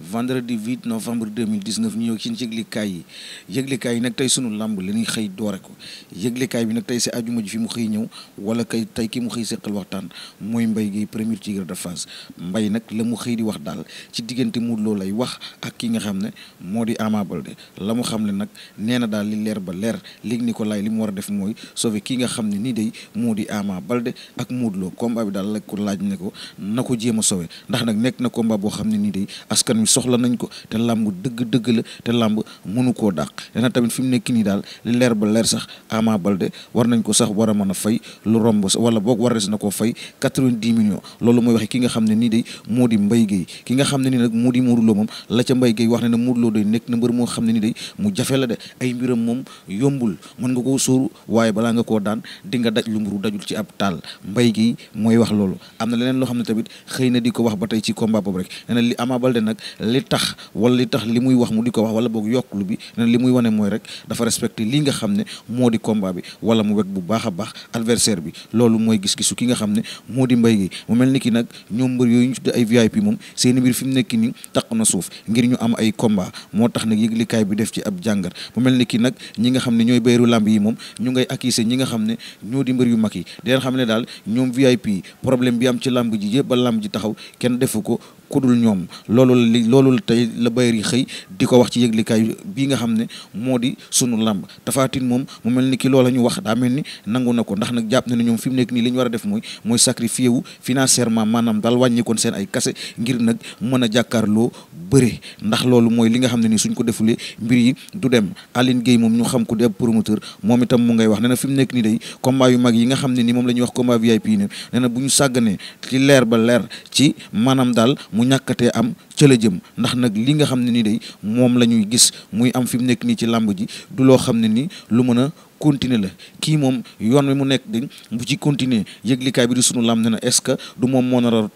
vendredi 8 novembre 2019 ñu ñëw ci yëglikaay yi yëglikaay yi nag tey sunu làmb li ñuy xëy doore ko yëglikaay bi nag tey si ajuma ji fi mu xëy ñëw wala kay tey ki mu xëy seqal waxtaan mooy Mbaye Guèye premier tigre de Fass mbay nag la mu xëy di wax daal ci diggante mu loo lay wax ak ki nga xam ne moo di Ama Baldé la mu xam ne nag nee na daal li leer ba leer léegi ni ko laay li mu war a def mooy sauver ki nga xam ne nii day moo di Ama Baldé ak Modou loo combat bi daal la laaj ne ko na ko jéem a sauver ndax nag nekk na combat boo xam ne nii day soxla nañ ko te làmb dëgg-dëgg la te làmb mënu koo dàq dana tamit fi mu nekk nii daal li leer ba leer sax Ama Baldé war nañ ko sax war a mën a fay lu romb wala boog war na koo fay quatre-vingt-dix millions loolu mooy waxe ki nga xam ne nii day moo di Mbaye Guèye ki nga xam ne nii di Modou moom la ca Mbaye Guèye wax ne ne Modou Lo nekk na mbër moo xam ne nii day mu jafe la de ay mbiram moom yombul mën nga koo sóoru waaye balaa nga koo daan di nga daj lu mburu dajul ci ab taal mbay Guèye mooy wax loolu am na leneen loo xam ne tamit xëy na di ko wax ba tey ci combat boobu rek nee li Ama Baldé nag li tax wala li tax li muy wax mu di ko wax wala boog yokklu bi ne li muy wane mooy rek dafa respecté li nga xam ne moo di combat bi wala mu wek bu baax a baax adversaire bi loolu mooy gis-gisu ki nga xam ne moo di mbay gi mu mel ni ki nag ñoom mbër yooyu ñu tudd ay VIP moom seeni mbir fi mu nekk ni taq na suuf ngir am ay combat moo tax nag yëglikaay bi def ci ab jàngat mu mel ni ki nag ñi nga xam ne ñooy bayru làmb yi moom ñu ngay accuser ñi nga xam ne ñoo di mbër yu mag yi di xam ne daal ñoom VIP problème bi am ci làmb ji yëpp ba làmb ji taxaw kenn defu ko ku ñoom loolu li loolu tey la bayër yi xëy di ko wax ci yëglikaay bii nga xam ne moo di sunu làmb tafaatin moom mu mel ni ki lool a ñu wax daa mel ni nangu na ko ndax nag jàpp na ne ñoom fi mu nii li war a def mooy mooy sacrifié wu financièrement maanaam daal wàññikoon seen ay kase ngir nag mën a jàkkaarloo bëre ndax loolu mooy li nga xam ne nii suñ ko defulee mbir yi du dem Aline Gueye moom ñu xam ko di ab promoteur moom itam mu ngay wax ne na fi mu nekk nii day combat yu mag yi nga xam ne ni moom la ñuy wax combat VIP ne nee na bu ñu sàgganee ci leer ba leer ci maanaam daal mu ñàkkatee am ca jëm ndax nag li nga xam ne ni day moom la ñuy gis muy am fi mu nekk nii ci làmb ji du loo xam ne ni lu mën a continuer la kii moom yoon wi mu nekk di mu ci continuer yëglikaay bi di sunu làmb ne na est-ce que du moom moo nar a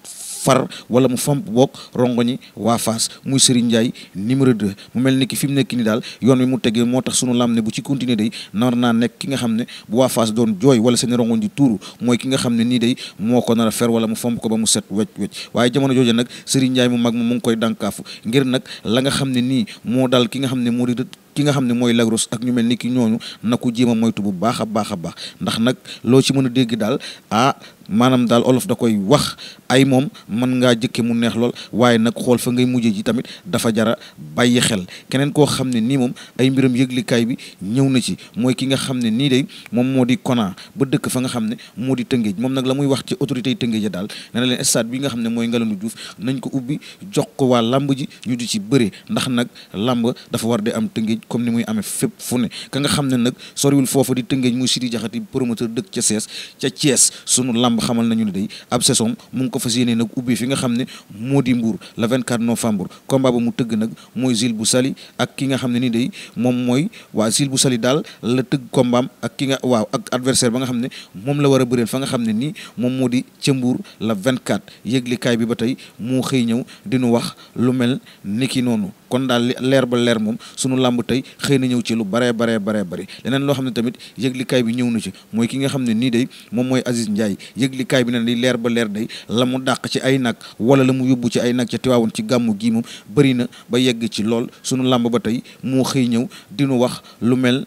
far wala mu fomp boog rongoñi waa Fass muy Serigne Ndiaye numéro de mu mel ni ki fi mu nekk nii daal yoon wi mu tegee moo tax sunu lam ne bu ci continuer day nar naa nekk ki nga xam ne bu waa Fass doon jooy wala seen rongoñ di tuuru mooy ki nga xam ne nii day moo ko nar a fer wala mu fomp ko ba mu set wecc wecc waaye jamono jooje nag Serigne Ndiaye mu mag mu mu ngi koy dànkaafu ngir nag la nga xam ne nii moo daal ki nga xam ne moo di ki nga xam ne mooy lagros ak ñu mel ni ki ñooñu na ko jéem a moytu bu baax a baax a baax ndax nag loo ci mën a dégg daal ah, maanaam daal olof da koy wax ay moom mën ngaa jëkke mu neex lool waaye nag xool fa ngay mujje ji tamit dafa jara bàyyi xel keneen koo xam ne nii moom ay mbiram yëglikaay bi ñëw na ci mooy ki nga xam ne nii day moom moo di kona ba dëkk fa nga xam ne moo di tëngéej moom nag la muy wax ci autorité yi tëngéej daal nee na leen stade bi nga xam ne mooy Ngalandou Diouf nañ ko ubbi jox ko waa lamb ji ñu di ci bëre ndax nag lamb dafa war di am tëngéej comme ni muy amee fépp fu ne ka nga xam ne nag soriwul foofu di tëngéej muy Sidi Jaxati promoteur dëkk ca Cees ca Cees sunu Lamb xamal nañu ne day ab saison mu ngi ko fas yéene nag ubbi fi nga xam ne moo di Mbour le 24 novembre combat ba mu tëgg nag mooy Zil bu Sali ak ki nga xam ne ni day moom mooy waa Zil bu Sali daal la tëgg combat ak ki nga waaw ak adversaire ba nga xam ne moom la war a bëreel fa nga xam ne ni moom moo di ca Mbour le 24 yëglikaay bi ba tey moo xëy ñëw dinu wax lu mel ni ki noonu kon daal leer ba leer moom sunu làmb tey xëy na ñëw ci lu baree baree baree bëri leneen loo xam ne tamit yëglikaay bi ñëw na ci mooy ki nga xam ne nii dey moom mooy Aziz Ndiaye yëglikaay bi ne li leer ba leer day la mu dàq ci ay nag wala la mu yóbbu ci ay nag ca Tiwaawoon ci gàmmu gii moom bëri na ba yegg ci lool sunu làmb ba tey moo xëy ñëw dinu wax lu mel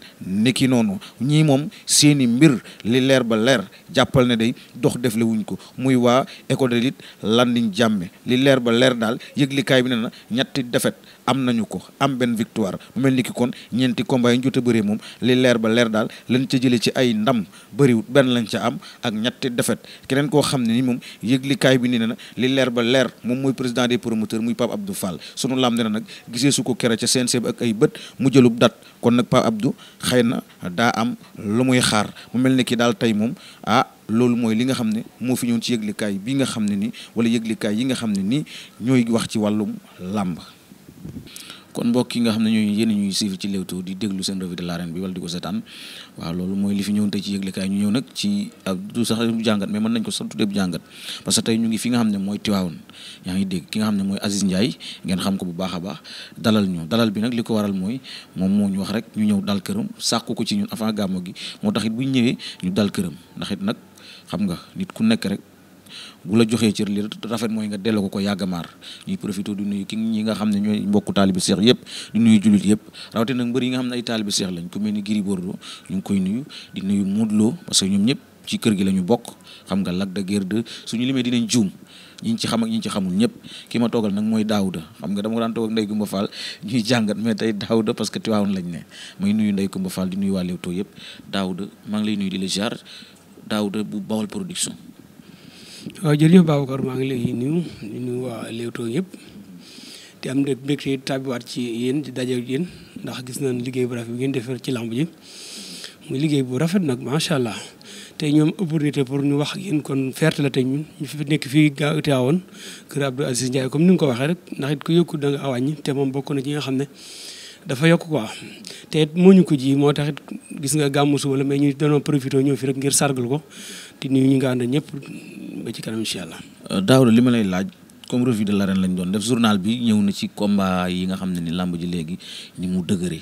ni ki noonu ñii moom seeni mbir li leer ba leer jàppal ne day dox defle ko muy waa école de lutte Landing Jàmme leer ba leer daal yëglikaay bi na na ñetti defet am nañu ko am benn victoire mu mel ni ki kon ñeenti combat yi ñu jot moom li leer ba leer daal lañ ca jëlee ci ay ndam bëriwut benn lañ ca am ak ñetti defet keneen koo xam ne nii moom yëglikaay bi ni ne na li leer ba leer moom mooy président des promoteurs muy Pape Abdou Fall sunu lam ne na nag gisee su ko kere ca CNC ak ay bët mu jëlub dat kon nag Pape Abdou xëy na daa am lu muy xaar mu mel ni ki daal tey moom ah loolu mooy li nga xam ne moo fi ñëw ci yëglikaay bi nga xam ne nii wala yëglikaay yi nga xam ne nii ñooy wax ci wàllum làmb kon mbokk yi nga xam ne ñooñu yéen ñuy suivre ci Leewtoo di déglu seen revue de l'arène bi wala di ko seetaan waaw loolu mooy li fi ñëwoon tey ci yëglekaay ñu ñëw nag ci du sax jàngat mais mën nañ ko sax tuddee jàngat parce tey ñu ngi fi nga xam ne mooy Tiwaawoon yaa ngi dégg ki nga xam ne mooy Aziz Ndiaye ngeen xam ko bu baax a baax dalal ñu dalal bi nag li ko waral mooy moom moo ñu wax rek ñu ñëw dal këram sàkku ko ci ñun avant gàmmu gi moo tax it bu ñu ñëwee ñu dal këram ndax it nag xam nga nit ku nekk rek bu la joxee cër li rafet mooy nga delloo ko ko yàgg maar ñuy profité du nuyu ki ñi nga xam ne ñooy mbokku taalibi seex yëpp di nuyu jullit yëpp rawatina nag mbër yi nga xam ne ay taalibi seex lañ ku mel ni Gris Bordeaux ñu ngi koy nuyu di nuyu Modou Lo parce que ñoom ñëpp ci kër gi la bokk xam nga Lac de Guiers 2 suñu limee dinañ juum ñi ci xam ak ñi ci xamul ñëpp ki ma toogal nag mooy Daouda xam nga dama ko daan toog ak Ndeye Goumba Fall ñuy jàngat mais tey Daouda parce que Tiwaawoon lañ ne may nuyu Ndeye Goumba Fall di nuyu waa Leewtoo yëpp Daouda maa ngi lay nuyu di la ziar Daouda bu Bawal Production waaw jërëjëf Babacar maa ngi lay nuyu di nuyu waa Leewtoo yëpp te am na mbégte tàbbiwaat ci yéen di daje ak ndax gis nañ liggéey bu rafet bi ngeen defar ci lamb ji muy liggéey bu rafet nag macha allah te ñoom opportunité pour ñu wax ak yéen kon ferte la tey ñun ñu fi nekk fii gaa teewoon kër Abdou Aziz Ndiaye comme ni nga ko waxee rek ndax it ku yokku da nga wàññi te moom bokk na ci nga xam ne. dafa yokk quoi te it moo ñu ko ji moo tax it gis nga gàmmu suba la mais ñu danoo profité ñëw fi rek ngir sargal ko di nuyu ñu nga ànd ñëpp ba ci kanam incha allah. Euh, Daouda li ma lay laaj comme de l'arène lañ doon def journal bi ñëw na ci combat yi nga xam ne ni làmb ji léegi ni mu dëgëre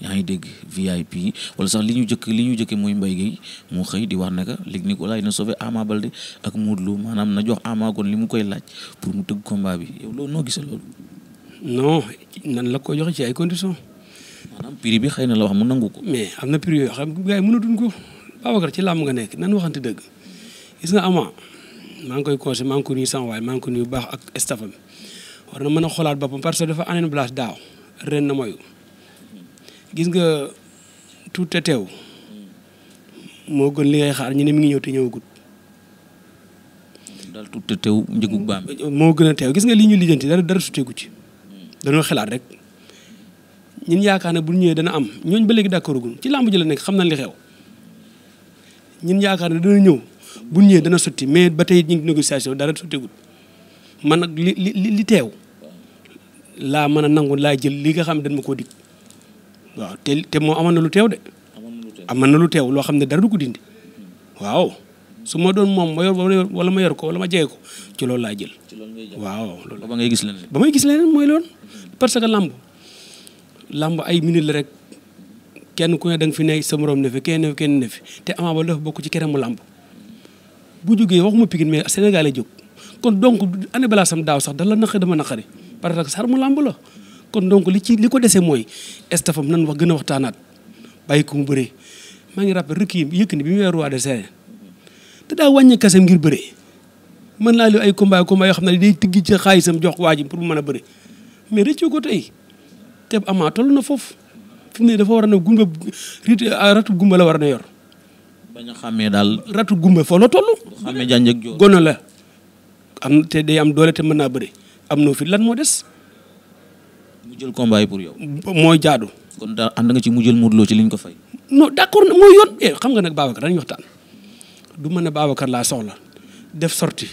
ñaa ngi dégg VIP wala sax li ñu jëkk li ñu jëkke mooy mbay gi moo xëy di wax ne que Luc Nicolaï na sauvé Ama Baldé ak Modou Lo maanaam na jox Ama kon li mu koy laaj pour mu dëgg combat bi yow loolu noo gisee loolu. non nan la ko joxe ci ay conditions. maanaam prix bi xëy na la wax mu nangu ko. mais am na prix yoo xam gars yi mënatuñ ko Babacar ci làmb nga nekk nan waxante dëgg gis nga ama maa ngi koy conseillé maa ngi ko nuyu sama waay maa ngi ko nuyu baax ak stafam war na mën a xoolaat boppam parce que dafa année blanche daaw ren na mooy gis nga tuut te teew moo gën li ngay xaar ñu ne mi ngi ñëw te ñëwagut. daal tuut te teew njëgu baam. moo gën a teew gis nga li ñu lijjanti dara dara suteeku ci. dañoo xalaat rek ñun yaakaar ne bu ñëwee dana am ñooñ ba léegi d'accord gun ci làmb ji nekk xam na li xew yaakaar ne dana ñëw bu ñëwee dana sotti mais ba tey ñu ngi négociation dara sottigul man nag li li li teew laa mën a nangu laa jël lii nga xam ne dañ ma koo dig waaw te te moo amoon na lu teew de. aman na lu teew loo xam ne dara du ko dindi waaw. su ma doon moom ma yor wala ma ko wala ma jege ko ci loolu laa jël. ci loolu ngay jël waaw ba ngay gis leneen. ba may gis leneen mooy loon parce que lamb lamb ay minute la rek kenn ku ne da nga fi ne sa morom ne fi kenn ne fi kenn ne fi te Ama Baldé dafa bokk ci keramu bu jógee waxuma Pikine mais Sénégal lay jóg kon donc année balaa sam daaw sax dala naqari dama naqari parce que sar mu làmb la kon donc li ci li ko dese mooy estafam nan wax gën a waxtaanaat bàyyi ko mu maa ngi rappel rek yi yëkk bi mu weer roi te daa wàññi kasam ngir bëree mën naa li ay combat combat yoo xam ne day tiggi ci xaalisam jox waa ji pour mu mën a bëri mais rëccu ko tey te Ama toll na foofu fi mu ne dafa war a ne a ah, ratu gumba la war a na yor. bañ a daal. ratu gumba foo la toll. xàmmee janj ak joor gone la am te day am doole te mën naa bëri am na fi lan moo des. mu jël combat yi pour yow. mooy jaadu. kon daal ànd nga ci mu jël Modou Lo ci liñ ko fay. non d'accord mooy yoon eh xam nga nag Babacar dañuy waxtaan. du mën a Babacar laa soxla def sorti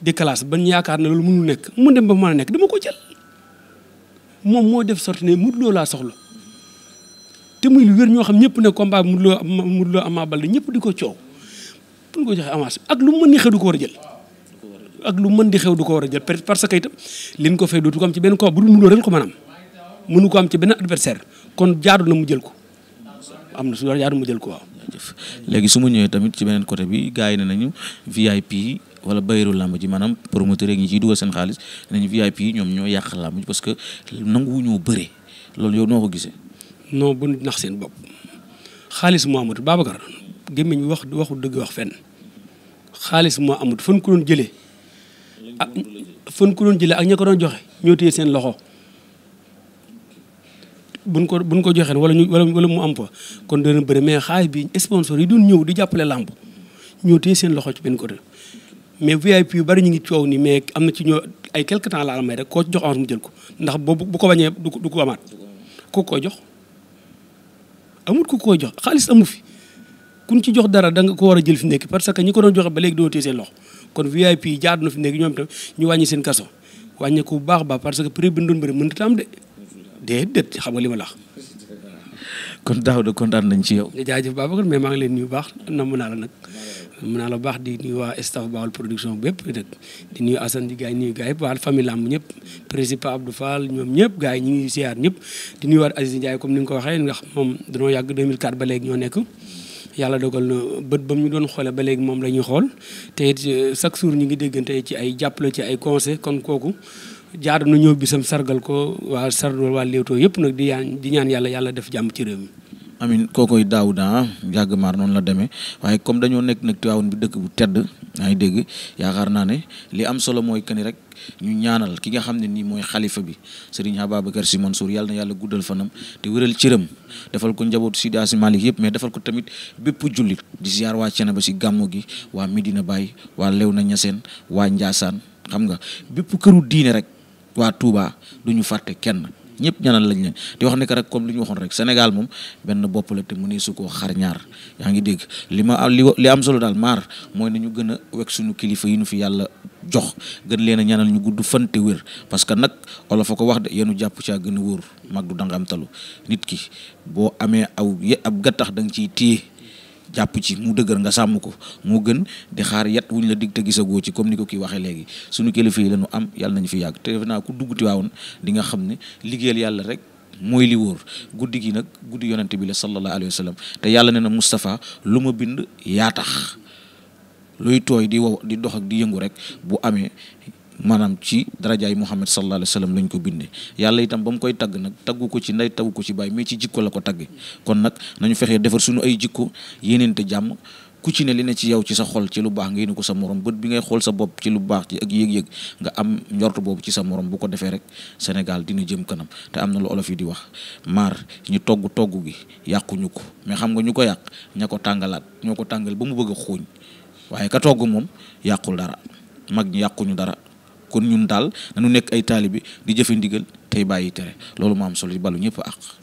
di classe ban yaakaar na loolu mënul nekk mu dem ba mën a nekk dama ko jël moom moo def sorti ne Modou Lo laa soxla te muy lu wér ñoo xam ñëpp ne combat Modou Lo Modou Lo Ama Baldé ñëpp di ko coow pour ko joxe avance ak lu mën ni xew du ko war a jël ak lu mën di xew du ko war a jël parce que itam liñ ko fay dootu ko am ci benn ko bu dul Modou Lo rek ko mën am mënu ko am ci benn adversaire kon jaadu na mu jël ko am na su jaadu mu jël ko waaw léegi su ma ñëwee tamit ci beneen côté bi gars yi ne nañu VIP wala bayiru làmb ji maanaam promoteur yeeg ñi ciy dugal seen xaalis nañu VIP ñoom ñoo yàq làmb ji parce que nanguwu ñoo bëre loolu yow noo ko gisee. non bu nax seen bopp xaalis moo amut Babacar gémmiñ wax waxu dëgg wax fenn xaalis moo amut fan ko doon jëlee. ak fan ko doon jëlee ak ña ko doon joxe ñoo téye seen loxo. buñ ko buñ ko joxee wala ñu wala wala mu am fa kon dana bëri mais xaalis bi sponsor yi doon ñëw di jàppale làmb ñoo téye seen loxo ci benn côté mais VIP bari ñu ngi coow ni mais am na ci ñoo ay quelque temps laal rek koo jox avance jël ko ndax boobu bu ko bañee du ko du ko amaat ku ko jox amul ku ko jox xaalis amu fi kun da a jël fi nekk parce que ñi ko doon joxe ba léegi doo téye seen loxo kon VIP jaadu na fi tam ñu wàññi seen kaso wàññi ko bu baax baax parce que prix bi ñu doon bëri de. déedéet xam nga li ma la wax. kon daaw de kontaan nañ ci yow. nga jaajëf Babacar mais maa ngi leen nuyu baax namm a la nag. mën naa la baax di nuyu waa staff Baol production bépp nag di nuyu Assane di gaay nuyu gaay Baol famille lamb ñëpp président Abdou Fall ñoom ñëpp gaay yi ñu ngi ziar ñëpp di nuyu waat Aziz comme ni nga ko waxee nga moom dañoo yàgg 2004 ba léegi ñoo nekk yàlla dogal na bët ba mu doon xoolee ba léegi moom la ñuy xool te it euh, chaque jour ñu ngi déggante ci ay jàppale ci ay conseil kon kooku jaar na ñëw bisam sargal ko waa sargal waa Leewtoo yëpp nag di ñaan di ñaan yàlla yàlla def jàmm ci réew mi. amin kookoy Daouda yàgg maar noonu la demee waaye comme dañoo nekk nag Tivaouane bi dëkk bu tedd maa ngi dégg yaakaar naa ne li am solo mooy que rek. ñu ñaanal ki nga xam ne nii mooy xalifa bi Serigne Ababacar Sy Mansour yàlla na yàlla guddal fanam te wéral cëram defal ko njabootu si daasi Malick yëpp mais defal ko tamit bépp jullit di ziar waa Thiénaba si gàmmu gi waa Medina Baye waa Léona Niassène waa njaasaan xam nga bépp këru diine rek waa Touba duñu ñu fàtte kenn ñëpp ñaanal lañ leen di wax ne que rek comme li ñu waxoon rek Sénégal moom benn bopp la te mu ne su koo xar ñaar yaa ngi dégg li ma li am solo a wekk suñu kilifa jox gën leen a ñaanal ñu gudd fante te wér parce que nag olof a ko wax de yenu jàpp caa gën a wóor mag du danga am talu nit ki boo amee aw ab gattax da nga ciy téye jàpp ci mu dëgër nga sàmm ko moo gën di xaar yat wuñ la dig te gisagoo ci comme ni ko kii waxee léegi suñu kilifa yi la ñu am yàlla nañu fi yàgg te defe naa ku dugg Tiwaawoon di nga xam ne liggéeyal yàlla rek mooy li wóor guddi gi nag guddi yonente bi la sallallahu alayhi wa te yàlla nee na Moustapha lu ma bind yaa tax luy tooy di wow di dox ak di yëngu rek bu amee maanaam ci darajaay Muhammad sallallahu alayhi wa sallam lañ ko bindee yàlla itam ba mu koy tagg nag taggu ko ci ndey taggu ko ci baay mais ci jikko la ko tagge kon nag nañu fexee defar suñu ay jikko yéeneente jàmm ku ci li ne ci yow ci sa xol ci lu baax nga yéene ko sa morom bët bi ngay xool sa bopp ci lu baax ci ak yëg-yëg nga am njort boobu ci sa morom bu ko defee rek Sénégal dina jëm kanam te am na lu olof yi di wax mar ñu togg togg gi yàquñu ko mais xam nga ñu ko yàq ña ko tàngalaat ñoo ko tàngal ba mu bëgg a xooñ waaye ka togg moom yàqul dara mag ñi yàquñu dara kon ñun daal nañu nekk ay taali bi di jëfe ndigal tey bàyyi tere loolu moo am solo di balu ñëpp ak